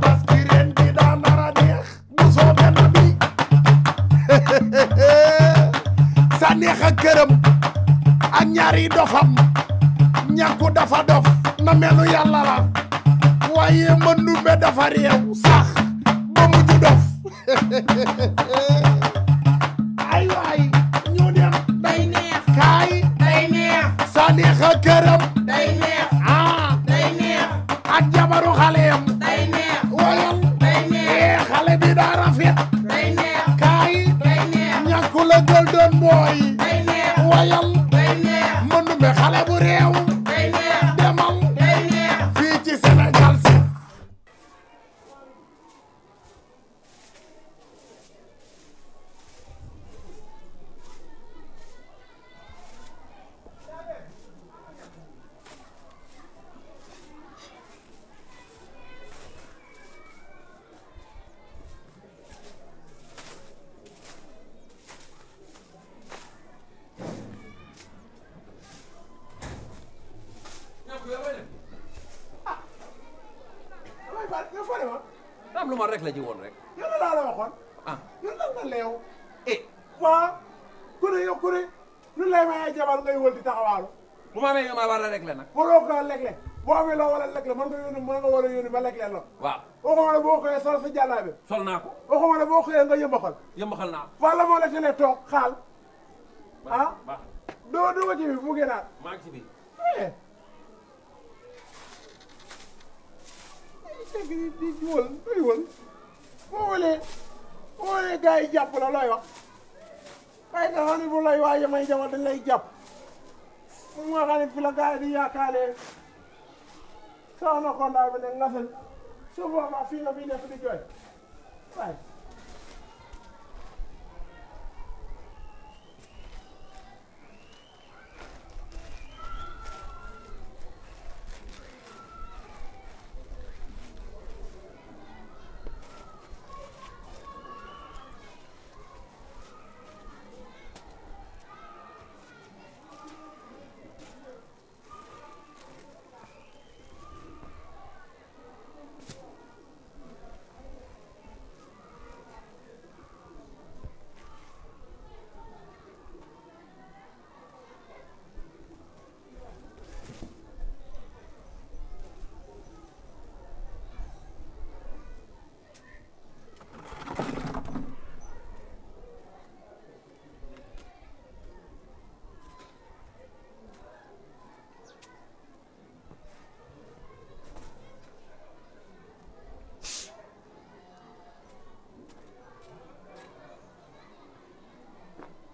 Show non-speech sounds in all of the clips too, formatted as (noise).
parce que ren bi daa nar a neex bu soobee na bi (laughs) sa neex ak këram ak ñaari dofam ñàkku dafa dof na melu yàlla la waaye mën numbe dafa réew sax ba mujj dof (laughs) ay waay ñu dem day neex kaay day neex sa neex ak këram day neex ah day neex ak jabaru xale leen mooy wayal am lu ma rek la ci woon rek. yàlla laa la waxoon. ah yàlla nga leew. eh waaw. ku ne yow ku ne lu lay mayee jabar ngay wël di taxawaalu. bu ma amee nga ma war a réglé nag. waroo ko réglé boo amee loo war a réglé mën nga yónni mën nga war a yónni ma réglé la. waaw waxuma ne sol sa jàllaabe. sol naa ko waxuma ne boo xëyee nga yëmbaxal. yëmbaxal naa ko. wala moo la tene toog xaal. ah doo doo ma ci bi bu gënaat. maa nekk di di wël doy wël boo wëlee boo wëlee gars yi jàpp la looy wax waaye dafa may jamono dañ lay jàpp moom nga xam ne fi la gars yi di yaakaaree soxna bi ne nga sel su boobaa fii nga fi jooy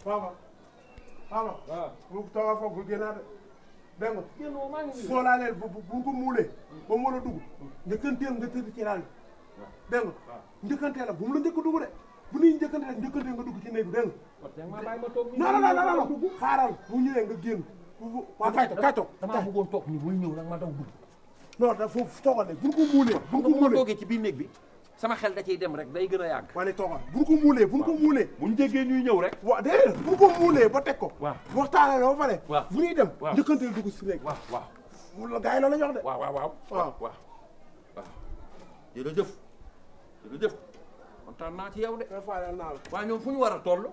waaw waaw ah. waaw. bu tooga foog bu génnaat dégg nga. génn maa ngi nii soo laalee bu bu ko muulee. ba mu mën a dugg. njëkkanteel nga tëdd ci laal bi. Ah. dégg nga ah. njëkkanteel la bu mu la njëkk a dugg de bu nuy njëkkante rek njëkkante nga dugg ci néeg bi dégg nga. non non non non xaaral bu ñëwee nga génn. waaw kay toog kay toog. damaa bëggoon toog nii bul ñëw nag ma daw dugg. non da foofu toogal de bu ko muulee. bu ko muulee ci biir néeg bi. sama xel da ciy dem rek day gën a yàgg waaye toogal bu ko muulee bu ko muulee bu ñu jéggee ñuy ñëw rek waaw déedéet bu ko ba teg ko waaw waxtaanee la ba pare waaw bu ñuy dem njëkkanteel dugg si rek waaw waaw mu gars yi loolu la ñu wax de waaw waaw waaw waaw waaw jërëjëf jërëjëf kontaan naa ci yow de fayal naa la waaye ñoom fu ñu war a toll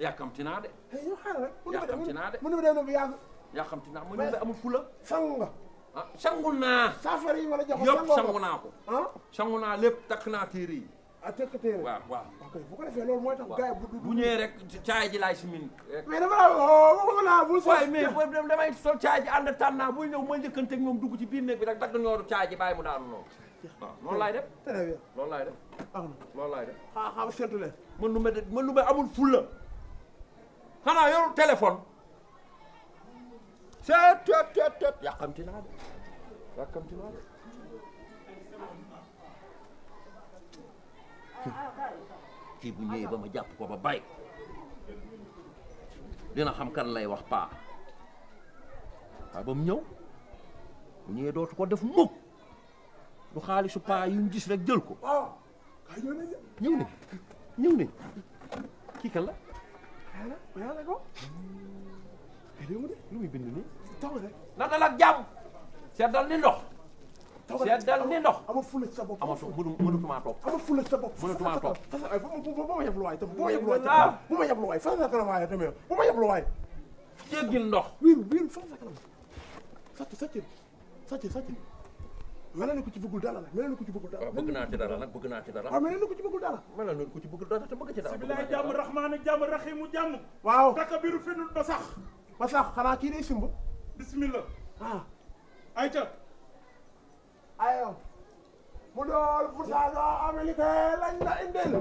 yàkkamti naa de yàkkamti naa de mën na dem na bu yàgg yàkkamti naa mën na amul fula sang nga ah sangu naa. saafara yi wala jox ko sangu naa ko ah naa lépp takk naa téere yi. ah tekk téere waaw ah, bu ko defee loolu mooy tax gars yi bu ñëwee rek caay ji laay mais dama la waxoon oh, naa bul. sol caay ji ànd tànn ñëw ma njëkkanteeg ñoom dugg ci biir néeg bi rek dagg ñooru caay ji bàyyi mu daanu noonu. waaw noonu laay loolu laay def. am na loolu laay ah, ah. ma de man lu ma amul fulla xanaa yoru téléphone. seet teet teet teet yàqamti naa de yàqamti naa de kii bu ñëwee ba ma jàpp ko ba bay dina xam kan lay wax paa waaye ñëw bu ñëwee dootu ko def mukk du xaalisu paa yu ñu gis rek jël ko oh. ñëw nañ ñëw nañ kii kan la yàlla ko lu muy bind nii na dal ak jàmm seddal ni ndox seddal ni ndox amul fula sa bopp amul mënatuma toog amul fula sa bopp mënatuma toog bu ma yeblu waay bu ma yeblu waay bu ma yeblu waay fasa kanam waay tamit bu ma yeblu waay jéggil ndox wiiru wiiru fasa kanam sàcc sàcc sàcc sàcc mel na ko ci bëggul dara la mel na ko ci bëggul dara naa ci dara nag bëgg naa ci dara waaw ah, mel na ko ci bëggul dara mel na ko ci bëggul dara te bëgg ci dara bismillahi jàmm waaw takka biru fenul ba sax ba sax xanaa kii day simba bismillah ah ayca ayo mu dool fursaga américain lañ la indil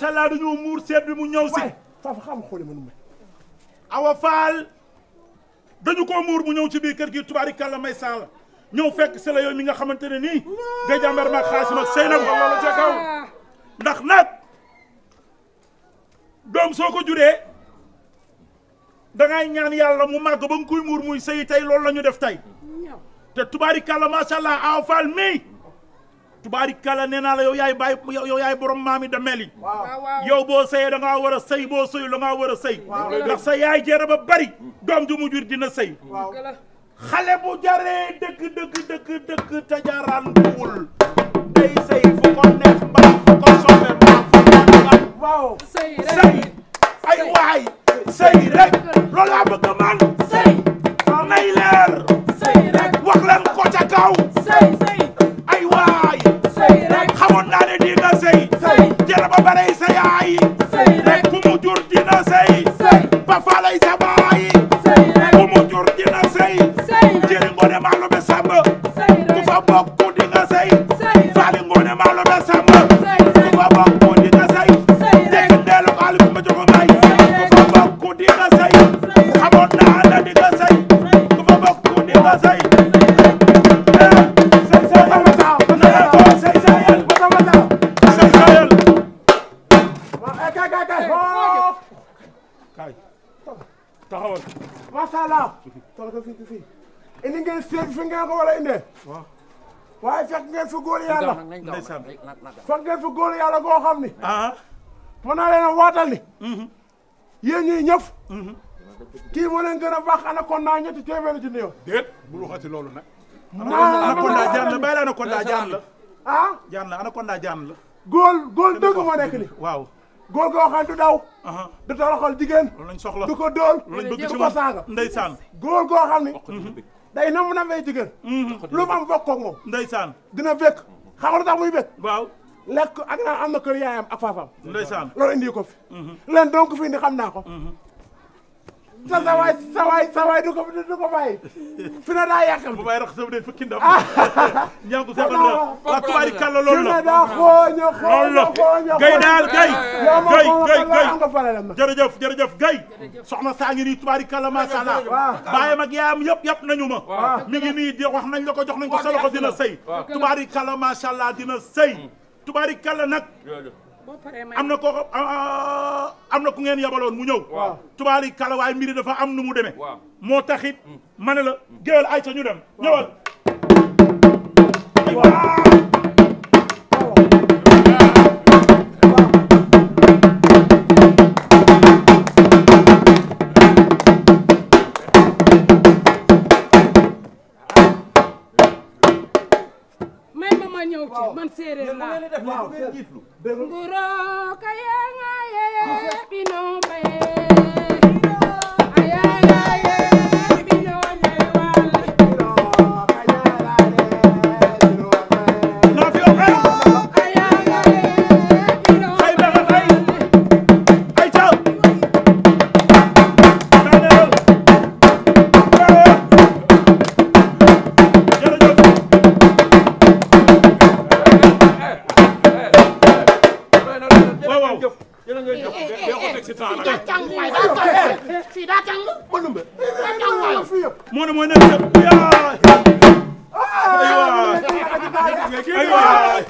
macha allah muur seet bi mu ñëw si. waay faafa xam xooli ma nu dañu koo muur mu ñëw ci biir kër gi tubaari kàlla may saala ñëw fekk si la yow mi nga xamante ne nii. ngay jàmbar maag xaasim ak Seynab loolu ca kaw ndax nag doom soo ko juree dangay ñaan yàlla mu màgg ba nga koy muur muy sëy tey loolu la ñu def tey te tubaari kàlla macha allah mii. tubaari kala nee la yow yaay baay yow yaay borom maami dameel yi yow boo sëyee da ngaa war a sëy boo sëyu da ngaa war a sëy yaay jeere ba bari doom ju mu dina sëy xale bu jaree dëkk dëkk dëkk dëkk te day sëy fu neex mbaa fu ko mbaa fu ko ay waay sëy rek loolu laa bëgg man sëy leer sëy rek wax ko ca kaw taxawal macha allah toog ko fii fii indi ngeen seet fi ngeen ko war a indee waaye fekk ngeen fi góor yàlla fekk ngeen fi góor yàlla goo xam ni mën naa leen a waatal ni yéen kii moo leen gën a baax anaconda a téeméer la ci néew. déet bul waxati loolu nag. anaconda jaan la bàyyi la anaconda jaan la. ah jaan la anaconda jaan la. góol góol dëgg moo nekk ni waaw. góor goo xam du daw. du toroxal jigéen. loolu lañ soxla du ko dóol. loolu lañ bëgg ci man saaga ndeysaan. góor goo xam ni. day nam namee jigéen. Mhm. lu mu am bokk ak moom. ndeysaan dina békk. xam lu tax muy békk. waaw lekk a naan am na kër yaayam ak faafam. ndeysaan loolu indi ko fi. Mhm. leen donc fi indi xam naa ko. Mhm. sa sa waay sa waay sa waay du ko du ko bàyyi fi na daa yàqal bu sa de fukki ndam ñangu sa banda la tubaari la gay daal gay gay gay gay jërëjëf gay soxna saa ngi nii tubaari kàlla macha allah ah. baayam ak yaayam yëpp yëpp nañu ma ah. mi ngi di wax nañ la ko jox nañ ko sa ko dina sëy tubaari kàlla macha allah dina sëy mm. tubaari kàlla nag am na koo ah, ah, am na ku ngeen yabaloon mu ñëw tubaali kala waaye mbiri dafa am nu mu demee moo taxit mm. ma ne la géwél ay sa ñu dem ñëwal moo ne mooy nekk ca yaay aywaay aywaay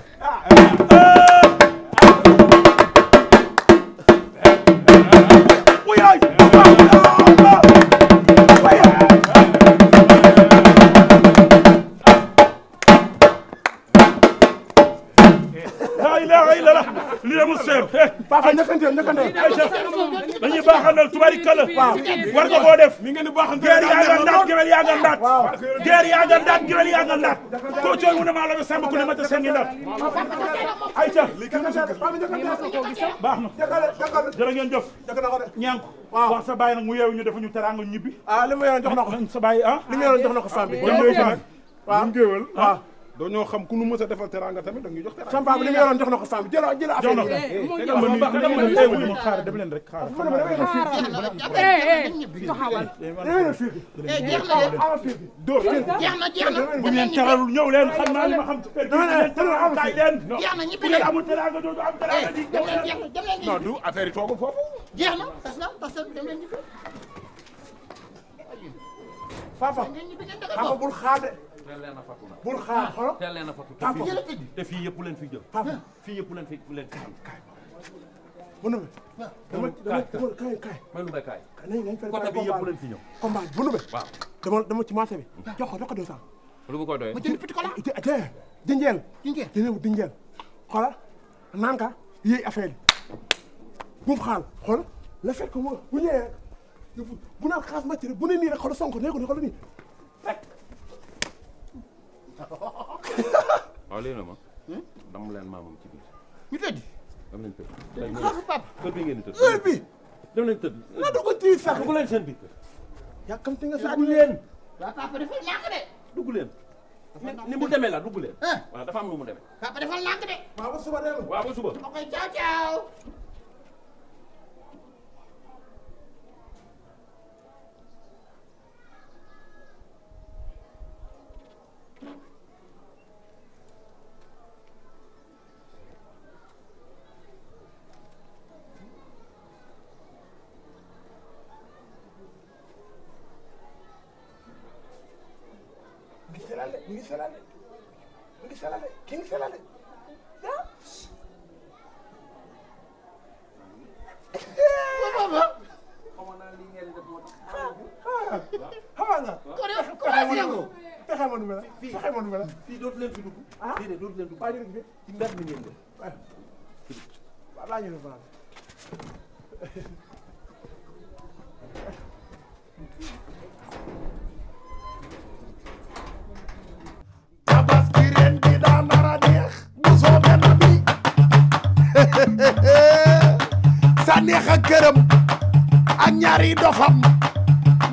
dañuy baaxandal tubarikala war nga koo def geer yaa nga ndaat gewel yaa nga ndaat geer yaa nga ndaat gewel yaa nga ndaat koo cooy mu ne maa la ba sàmm ku ne ma ta sengi ndaat ayca baax na jërë ngeen jëf ñaanku wax sa bàyyi nag mu yeewu ñu defu ñu teraanga ñibbi ah li ma yoroon jox na ko sa bàyyi ah li ma yoroon jox na ko femme bi doo ñoo xam ku nu mës a defal teranga tamit danga jox teranga. sampa bi li mu yoroon jox na ko samp jëla jëla affaire bi. jox na ko dama xaar dama leen rek xaar. jeex na jeex na bu ngeen teralul ñëw leen xam naa li ma xam ci kër gi. tay leen jeex na ñibbi leen amul teranga dootu am teranga di dem leen jeex na dem leen non du affaire yi toogul foofu. jeex na tas na tas na dem leen ñibbi. Fafa Fafa bul xaar de teel leen a fàttu na bul xaar ah, xolo teel leen a fàttu te fii yëpp leen fi jël fii yëpp leen fi leen kaay kaay bu nube dama dama kaay kaay may lu bi yëpp leen fi ñëw combat ci marché bi ko jox ko deux cent lu mu koy doyee ma jënd petit cola te dinjeel dinjeel dina dinjeel bu xaal xoola la fekk mu bu ñëwee bu naan xaas màcc rek bu ne nii rek xoola sonko nee ko ne xoola nii (laughs) waaw léegi nag ma. Hmm? dama leen maamam ci biir. ñu tëdd. dama leen tëdd. tey xaaral papa kër bi ngeen di tëdd. heure bi. dama leen tëdd. lan la ko tii sax dugg leen seen biir. yàkkamti nga sa dugg leen. waaw papa defal lànk de. dugg leen. ni mu demee la dugg leen. Eh. waaw dafa am mu demee. papa defal lànk de. waaw ba suba de waaw ba suba. ma koy caaw mi ngi selale mi ngi selale ki ngi selale ah. xamaa nga. pexe ma nu ma la pexe ma nu ma la. fii dootu leen fi dugg. ah déedéet dootu leen dugg. waa ñu ne ci mi ngeen def. waaw laa ñu ne cëram ak ñaari dofam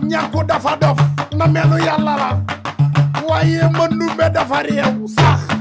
ñàkku dafa dof na melu yàlla la waaye dafa réew sax